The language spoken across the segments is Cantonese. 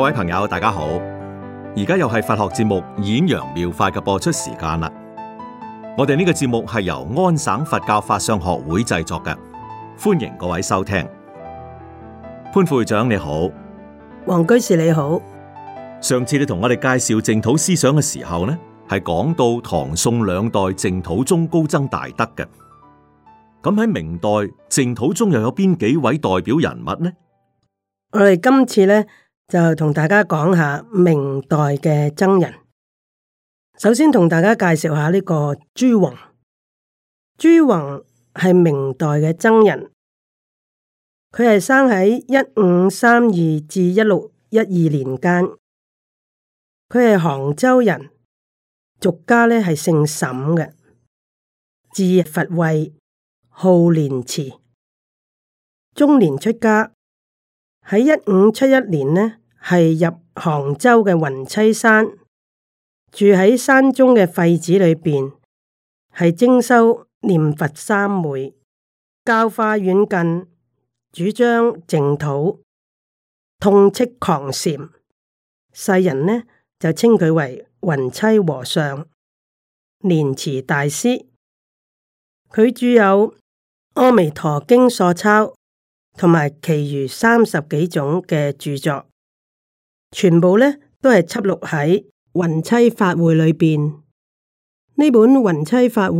各位朋友，大家好！而家又係佛學節目《演揚妙、妙法》嘅播出時間啦。我哋呢個節目係由安省佛教法相學會製作嘅，歡迎各位收聽。潘副會長你好，王居士你好。上次你同我哋介紹淨土思想嘅時候呢，係講到唐宋兩代淨土宗高僧大德嘅。咁喺明代淨土宗又有邊幾位代表人物呢？我哋今次呢。就同大家講下明代嘅僧人。首先同大家介紹下呢個朱宏。朱宏係明代嘅僧人，佢係生喺一五三二至一六一二年間，佢係杭州人，俗家呢係姓沈嘅，字佛慧，號蓮池，中年出家，喺一五七一年呢。係入杭州嘅雲棲山，住喺山中嘅廢子裏邊，係精修念佛三昧，教化遠近，主張淨土，痛斥狂禪。世人呢就稱佢為雲棲和尚、蓮池大師。佢著有《阿彌陀經疏鈔》，同埋其餘三十幾種嘅著作。全部呢都係輯錄喺《雲棲法會》裏邊。呢本《雲棲法會》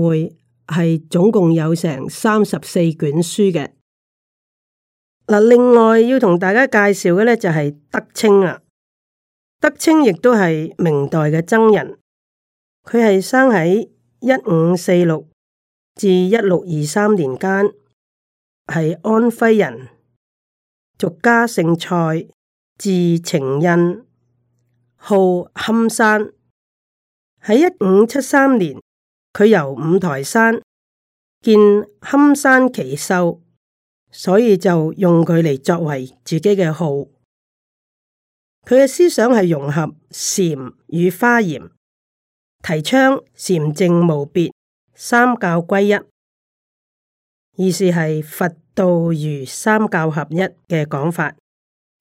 係總共有成三十四卷書嘅。嗱，另外要同大家介紹嘅呢，就係德清啊。德清亦都係明代嘅僧人，佢係生喺一五四六至一六二三年間，係安徽人，俗家姓蔡。字澄印，號憨山。喺一五七三年，佢由五台山見憨山奇秀，所以就用佢嚟作為自己嘅號。佢嘅思想係融合禪與華嚴，提倡禪淨無別，三教歸一，意思係佛道儒三教合一嘅講法。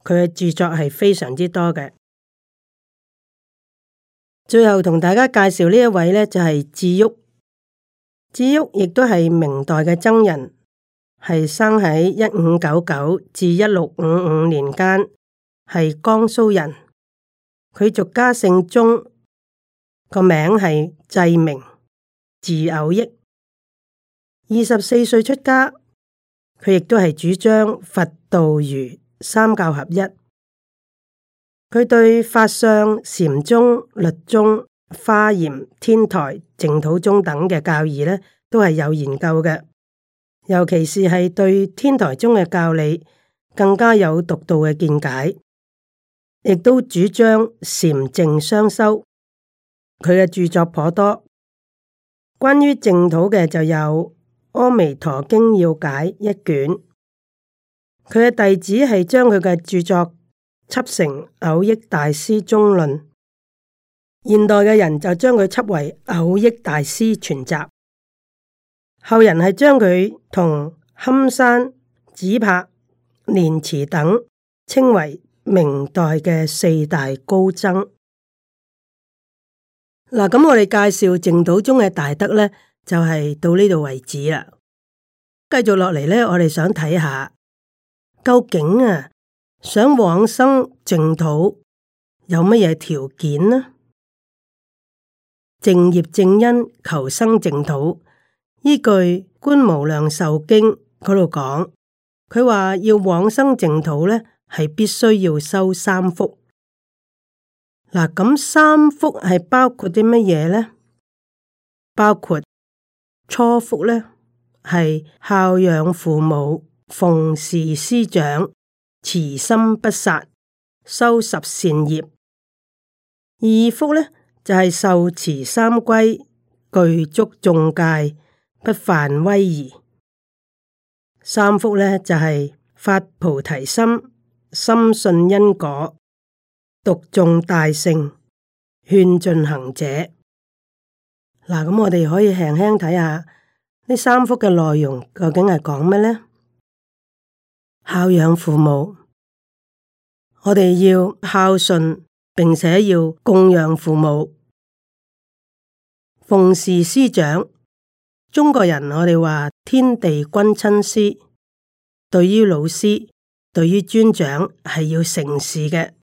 佢嘅著作係非常之多嘅。最後同大家介紹呢一位呢就係智旭。智旭亦都係明代嘅僧人，係生喺一五九九至一六五五年間，係江蘇人。佢俗家姓鐘，個名係濟明，字藕益。二十四歲出家，佢亦都係主張佛道儒。三教合一，佢對法相、禪宗、律宗、華嚴、天台、淨土宗等嘅教義呢都係有研究嘅。尤其是係對天台宗嘅教理更加有獨到嘅見解，亦都主張禪淨雙修。佢嘅著作頗多，關於淨土嘅就有《阿彌陀經要解》一卷。佢嘅弟子係將佢嘅著作輯成《藕益大師宗論》，現代嘅人就將佢輯為《藕益大師全集》。後人係將佢同憨山、紫柏、蓮池等稱為明代嘅四大高僧。嗱，咁我哋介紹淨土宗嘅大德咧，就係、是、到呢度為止啦。繼續落嚟咧，我哋想睇下。究竟啊，想往生淨土有乜嘢條件呢？正業正因求生淨土，依據《觀無量壽經》嗰度講，佢話要往生淨土咧，係必須要修三福。嗱，咁三福係包括啲乜嘢咧？包括初福咧，係孝養父母。奉事師長，慈心不殺，修十善業。二福呢，就係、是、受持三歸，具足眾戒，不犯威儀。三福呢，就係、是、發菩提心，深信因果，讀誦大乘，勸進行者。嗱，咁我哋可以輕輕睇下呢三福嘅內容，究竟係講乜呢？孝養父母，我哋要孝順，並且要供養父母，奉事師長。中國人我哋話天地君親師，對於老師，對於尊長係要誠事嘅。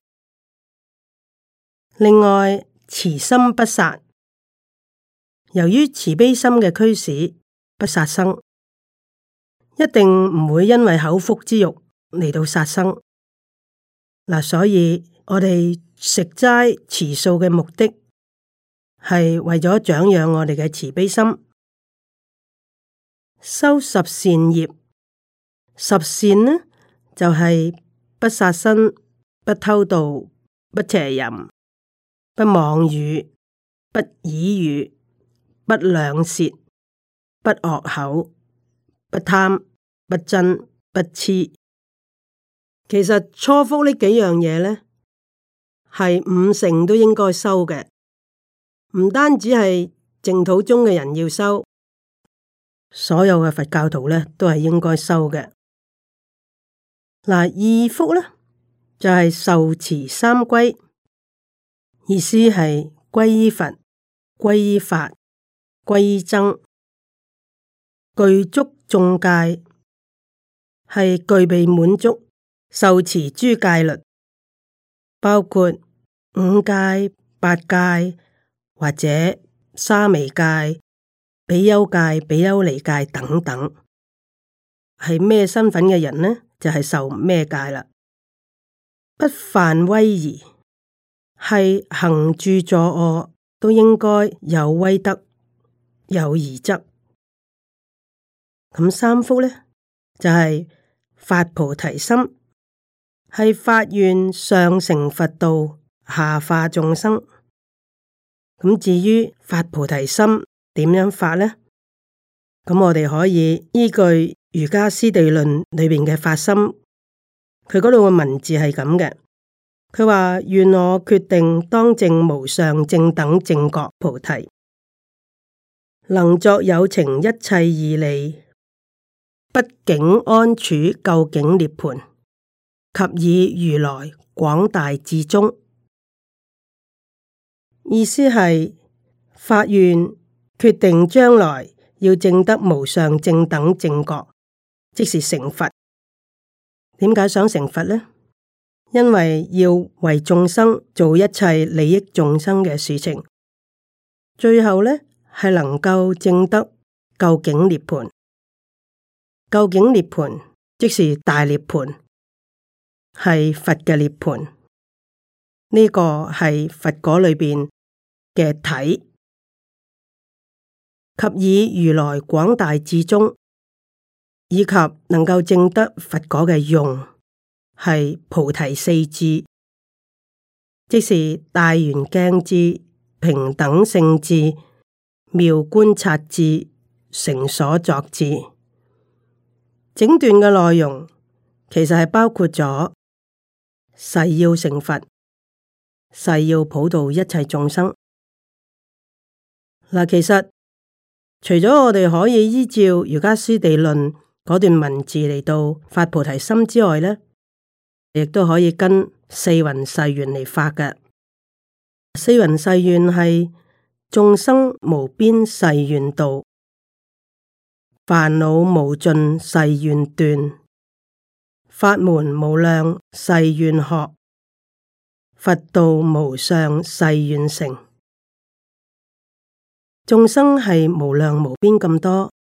另外，慈心不殺，由於慈悲心嘅驅使，不殺生。一定唔會因為口腹之欲嚟到殺生，嗱、啊，所以我哋食齋持素嘅目的係為咗長養我哋嘅慈悲心，修十善業。十善呢就係、是、不殺生、不偷盜、不邪淫、不妄語、不綺語、不兩舌、不惡口。不貪不瞋，不癡，其實初福呢幾樣嘢呢，係五成都應該修嘅，唔單止係淨土中嘅人要修，所有嘅佛教徒呢都係應該修嘅。嗱，二福呢，就係、是、受持三歸，意思係皈依佛、皈依法、皈依僧，具足，眾戒係具備滿足受持諸戒律，包括五戒、八戒或者沙彌戒、比丘戒、比丘尼戒等等。係咩身份嘅人呢？就係、是、受咩戒啦？不犯威儀，係行住坐臥都應該有威德、有儀則。咁三福呢，就係、是、發菩提心，係發願上成佛道，下化眾生。咁至於發菩提心點樣發呢？咁我哋可以依據《瑜伽師地論》裏邊嘅發心，佢嗰度嘅文字係咁嘅。佢話，願我決定當證無上正等正覺菩提，能作有情一切義利。畢竟安處，究竟涅盤，及以如來廣大至終。意思係發願決定將來要證得無上正等正覺，即是成佛。點解想成佛呢？因為要為眾生做一切利益眾生嘅事情，最後呢係能夠證得究竟涅盤。究竟涅槃即是大涅槃，係佛嘅涅槃。呢、這個係佛果裏邊嘅體，及以如來廣大智中，以及能夠證得佛果嘅用，係菩提四智，即是大圓鏡智、平等性智、妙觀察智、成所作智。整段嘅內容其實係包括咗誓要成佛，誓要普渡一切眾生。嗱，其實除咗我哋可以依照《瑜伽師地論》嗰段文字嚟到發菩提心之外，咧亦都可以跟四云誓願嚟發嘅。四云誓願係眾生無邊誓願度。煩惱無盡，誓願斷；法門無量，誓願學；佛道無上，誓願成。眾生係無量無邊咁多，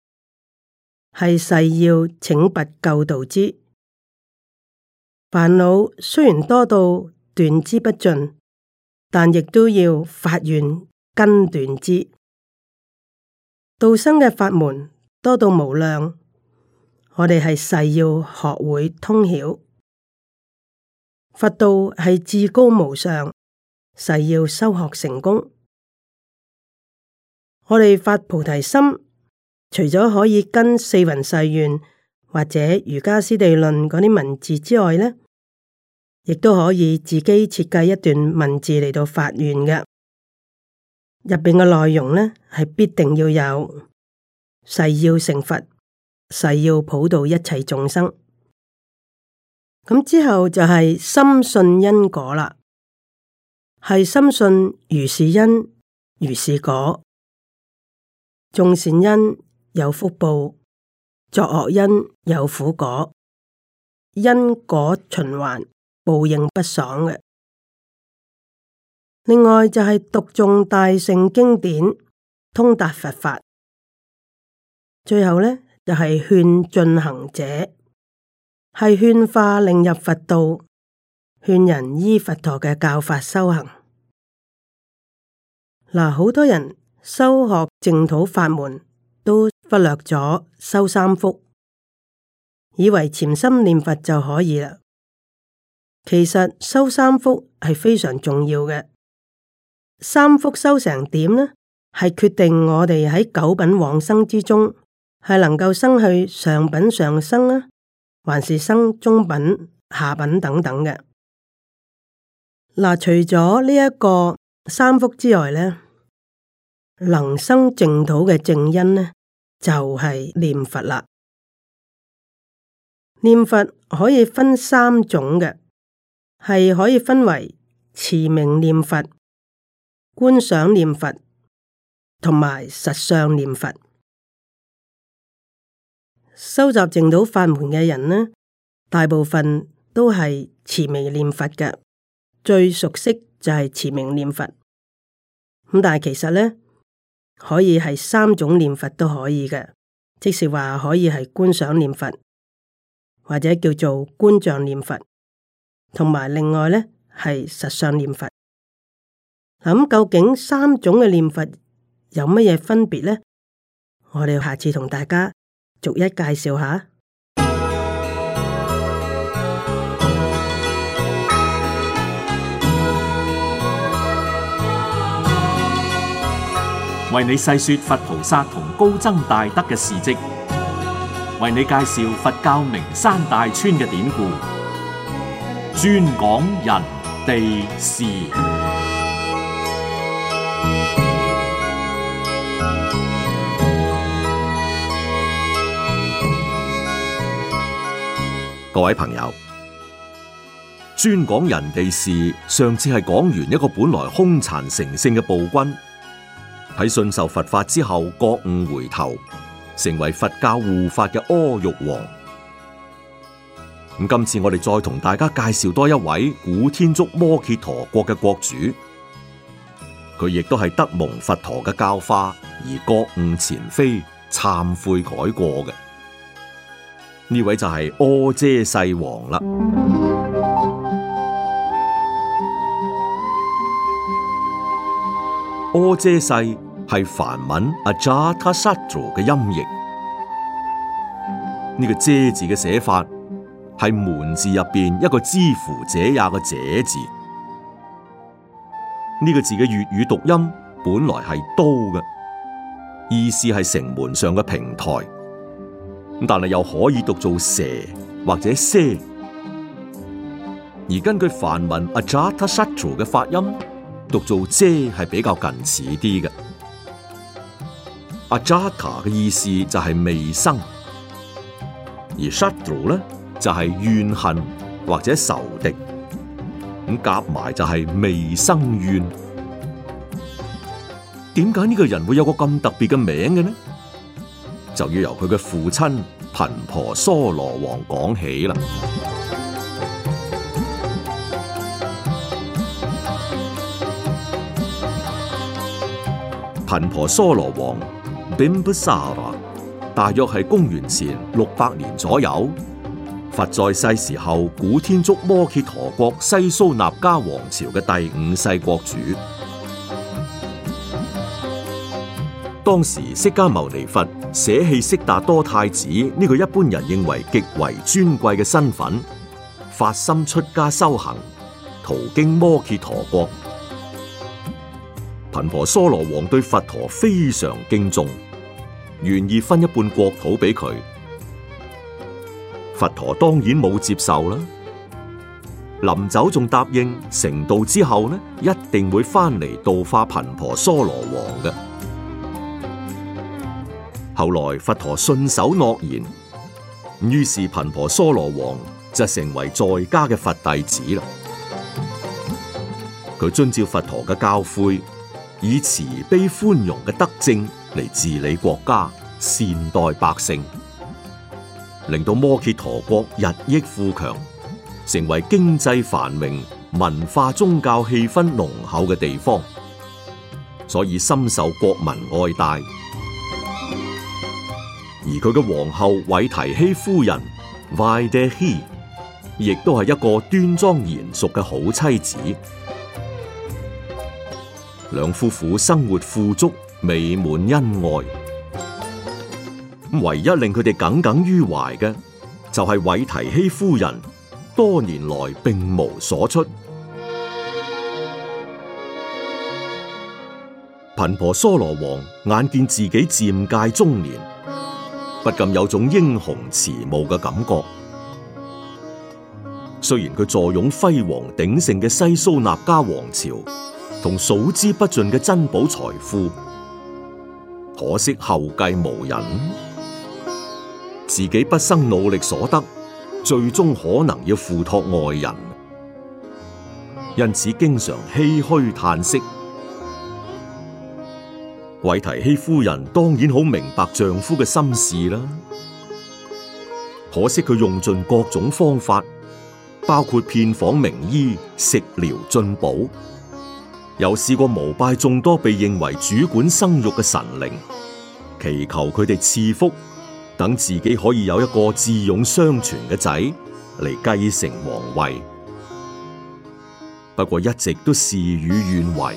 係誓要請拔救度之煩惱。煩惱雖然多到斷之不盡，但亦都要發願根斷之道生嘅法門。多到無量，我哋係誓要學會通曉佛道，係至高無上，誓要修學成功。我哋發菩提心，除咗可以跟《四弘誓願》或者《瑜伽師地論》嗰啲文字之外呢，呢亦都可以自己設計一段文字嚟，到發願嘅，入邊嘅內容呢，係必定要有。誓要成佛，誓要普渡一切眾生。咁之後就係深信因果啦，係深信如是因如是果，種善因有福報，作惡因有苦果，因果循環，報應不爽嘅。另外就係讀誦大乘經典，通達佛法。最後呢，就係、是、勸進行者，係勸化令入佛道，勸人依佛陀嘅教法修行。嗱、啊，好多人修學淨土法門，都忽略咗修三福，以為潛心念佛就可以啦。其實修三福係非常重要嘅，三福修成點呢？係決定我哋喺九品往生之中，係能夠生去上品上生呢、啊？還是生中品、下品等等嘅。嗱，除咗呢一個三福之外呢，能生淨土嘅正因呢，就係、是、念佛啦。念佛可以分三種嘅，係可以分為持名念佛、觀想念佛同埋實相念佛。收集淨土法門嘅人呢，大部分都係持名念佛嘅，最熟悉就係持名念佛。咁但係其實呢，可以係三種念佛都可以嘅，即是話可以係觀想念佛，或者叫做觀像念佛，同埋另外呢係實相念佛。咁究竟三種嘅念佛有乜嘢分別呢？我哋下次同大家。逐一介紹下，為你細說佛菩薩同高僧大德嘅事蹟，為你介紹佛教名山大川嘅典故，專講人地事。各位朋友，專講人地事。上次係講完一個本來凶殘成性嘅暴君，喺信受佛法之後，覺悟回頭，成為佛教護法嘅阿育王。咁今次我哋再同大家介紹多一位古天竺摩羯陀國嘅國主，佢亦都係得蒙佛陀嘅教化而覺悟前非、懺悔改過嘅。呢位就係、是、阿闍世王啦。阿闍世係梵文阿扎塔沙族嘅音譯。呢、這個闍字嘅寫法係門字入邊一個之乎者也嘅者字。呢個字嘅粵語讀音本來係刀嘅，意思係城門上嘅平台。咁但係又可以讀做蛇或者蛇，而根據梵文阿扎塔沙陀嘅發音讀做遮係比較近似啲嘅。阿扎塔嘅意思就係未生，而沙陀咧就係怨恨或者仇敵，咁夾埋就係未生怨。點解呢個人會有個咁特別嘅名嘅呢？就要由佢嘅父親頻婆娑羅王講起啦。頻婆娑羅王 Bimbisara，大約係公元前六百年左右，佛在世時候，古天竺摩羯陀國西蘇納加王朝嘅第五世國主。當時釋迦牟尼佛捨棄悉達多太子呢個一般人認為極為尊貴嘅身份，發心出家修行，途經摩揭陀國，頻婆娑羅王對佛陀非常敬重，願意分一半國土俾佢。佛陀當然冇接受啦，臨走仲答應成道之後呢，一定會翻嚟度化頻婆娑羅王嘅。後來佛陀信守諾言，於是頻婆娑羅王就成為在家嘅佛弟子啦。佢遵照佛陀嘅教誨，以慈悲寬容嘅德政嚟治理國家，善待百姓，令到摩揭陀國日益富強，成為經濟繁榮、文化宗教氣氛濃厚嘅地方，所以深受國民愛戴。而佢嘅皇后韋提希夫人 Vaidehi，亦都係一個端莊賢淑嘅好妻子。兩夫婦生活富足，美滿恩愛。唯一令佢哋耿耿於懷嘅，就係、是、韋提希夫人多年來並無所出。頻婆娑羅王眼見自己漸屆中年，不禁有種英雄遲暮嘅感覺。雖然佢坐擁輝煌鼎盛嘅西蘇納加王朝同數之不盡嘅珍寶財富，可惜後繼無人，自己畢生努力所得，最終可能要付託外人，因此經常唏噓嘆息。韋提希夫人當然好明白丈夫嘅心事啦，可惜佢用盡各種方法，包括遍訪名醫、食療進補，又試過膜拜眾多被認為主管生育嘅神靈，祈求佢哋賜福，等自己可以有一個智勇雙全嘅仔嚟繼承皇位。不過一直都事與願違。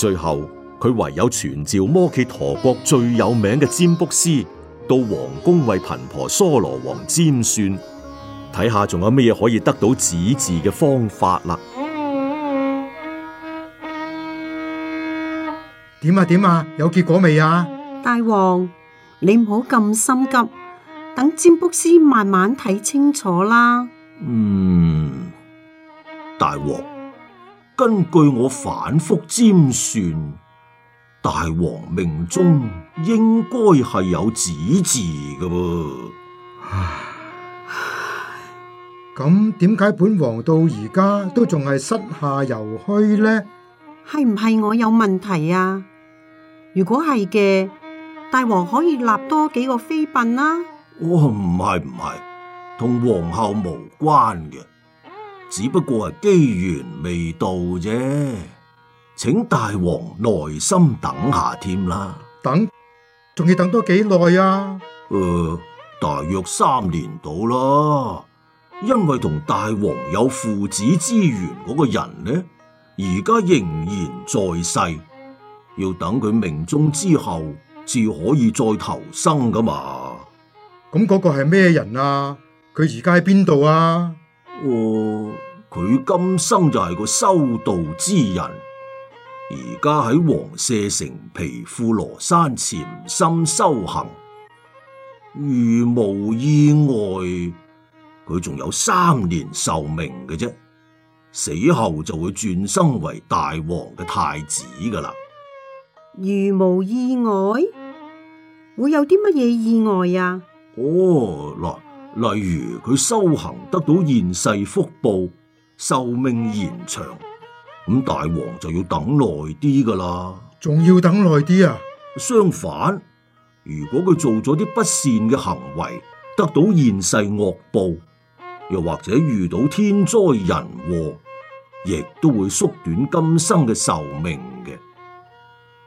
最後，佢唯有傳召摩揭陀國最有名嘅占卜師到皇宮為頻婆娑羅王占算，睇下仲有咩嘢可以得到子嗣嘅方法啦。點啊點啊，有結果未啊？大王，你唔好咁心急，等占卜師慢慢睇清楚啦。嗯，大王。根據我反覆占算，大王命中應該係有子嗣㗎喎。咁點解本王到而家都仲係膝下猶虛呢？係唔係我有問題啊？如果係嘅，大王可以立多幾個妃嬪啦。哦，唔係唔係，同皇后無關嘅。只不過係機緣未到啫，請大王耐心等下添啦。等，仲要等多幾耐啊？誒、呃，大約三年到啦。因為同大王有父子之緣嗰個人呢，而家仍然在世，要等佢命中之後，至可以再投生噶嘛。咁嗰、嗯，嗰個係咩人啊？佢而家喺邊度啊？.佢、哦、今生就係個修道之人，而家喺黃射城王舍城毗富羅山潛心修行，如無意外，佢仲有三年壽命嘅啫，死後就會轉生為大王嘅太子㗎喇。如無意外，會有啲乜嘢意外啊？哦，嗱。例如佢修行得到現世福報，壽命延長，咁大王就要等耐啲㗎喇。仲要等耐啲啊？相反，如果佢做咗啲不善嘅行為，得到現世惡報，又或者遇到天災人禍，亦都會縮短今生嘅壽命嘅。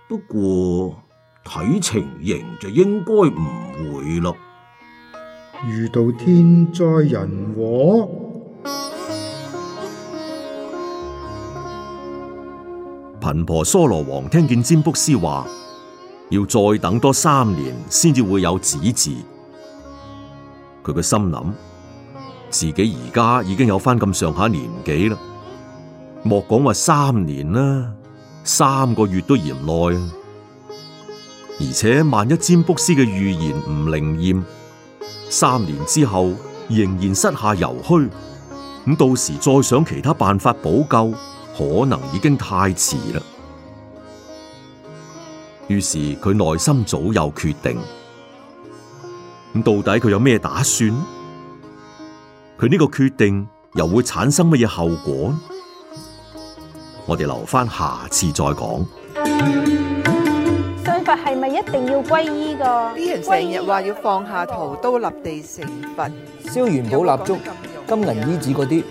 不過睇情形就應該唔會咯。遇到天災人禍，頻婆娑羅王聽見占卜師話，要再等多三年先至會有子嗣。佢個心諗，自己而家已經有翻咁上下年紀啦，莫講話三年啦，三個月都嫌耐啊！而且萬一占卜師嘅預言唔靈驗。三年之後仍然膝下猶虛，咁到時再想其他辦法補救，可能已經太遲啦。於是佢內心早有決定，咁到底佢有咩打算？佢呢個決定又會產生乜嘢後果？我哋留翻下次再講。係咪一定要皈依噶？啲人成日話要放下屠刀立地成佛，燒元寶蠟燭、金銀衣紙嗰啲，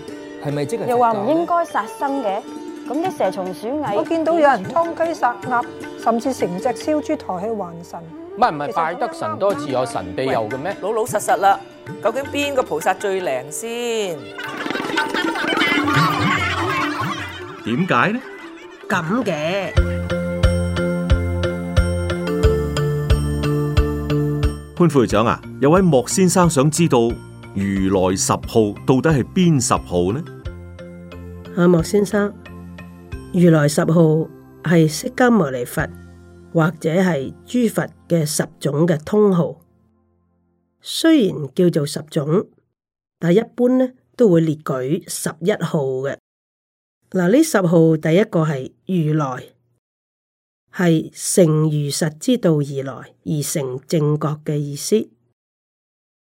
係咪即係？又話唔應該殺生嘅，咁啲蛇蟲鼠蟻，我見到有人劏雞殺鴨，甚至成隻燒豬抬去還神。唔係唔係，拜得神多自有神庇佑嘅咩？老老實實啦，究竟邊個菩薩最靈先？點解呢？咁嘅。潘副會長啊，有位莫先生想知道如來十號到底係邊十號呢？啊，莫先生，如來十號係釋迦牟尼佛或者係諸佛嘅十種嘅通號。雖然叫做十種，但一般呢都會列舉十一號嘅。嗱、啊，呢十號第一個係如來。係成如實之道而來而成正覺嘅意思。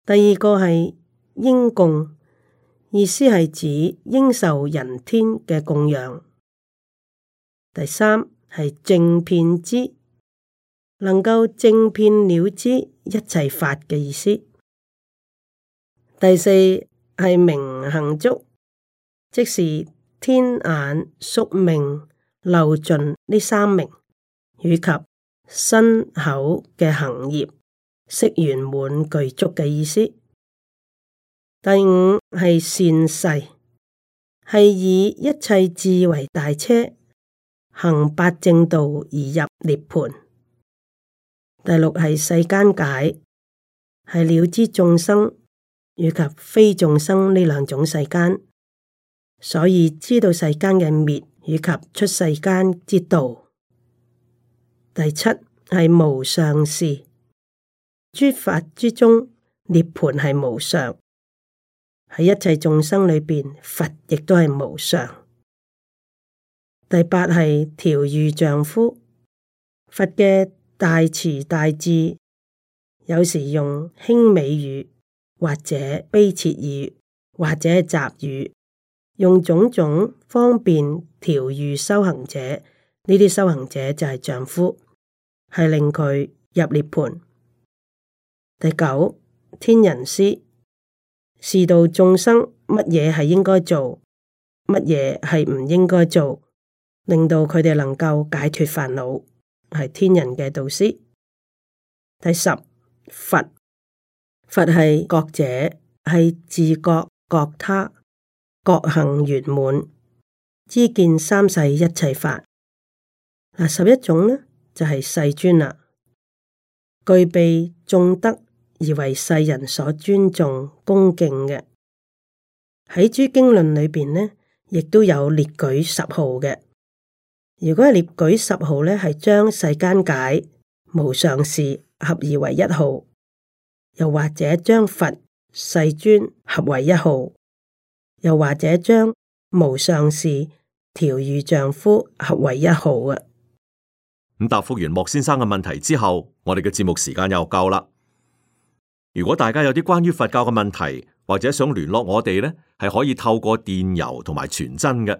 第二個係應供，意思係指應受人天嘅供養。第三係正片之，能夠正片了之一切法嘅意思。第四係名行足，即是天眼、宿命、漏盡呢三名。以及身口嘅行業，識圓滿具足嘅意思。第五係善逝，係以一切智為大車，行八正道而入涅槃。第六係世間解，係了知眾生以及非眾生呢兩種世間，所以知道世間嘅滅以及出世間之道。第七係無上士，諸佛之中涅槃係無上。喺一切眾生裏面，佛亦都係無上。第八係調御丈夫，佛嘅大慈大智，有時用輕美語，或者悲切語，或者雜語，用種種方便調御修行者，呢啲修行者就係丈夫，係令佢入涅槃。第九，天人師是道眾生，乜嘢係應該做，乜嘢係唔應該做，令到佢哋能夠解脱煩惱，係天人嘅導師。第十，佛佛係覺者，係自覺覺他，覺行圓滿，知見三世一切法。嗱，十一種呢？就係世尊啦，具備眾德而為世人所尊重恭敬嘅，喺《諸經論》裏面咧，亦都有列舉十號嘅。如果列舉十號咧，係將世間解、無上士合而為一號，又或者將佛世尊合為一號，又或者將無上士調御丈夫合為一號。咁答覆完莫先生嘅問題之後，我哋嘅節目時間又夠啦。如果大家有啲關於佛教嘅問題，或者想聯絡我哋呢，係可以透過電郵同埋傳真嘅。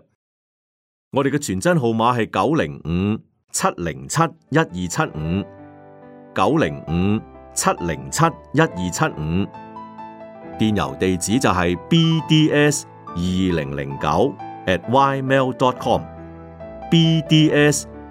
我哋嘅傳真號碼係九零五七零七一二七五，九零五七零七一二七五。75, 75，電郵地址就係 bds 二零零九 at ymail.com，bds。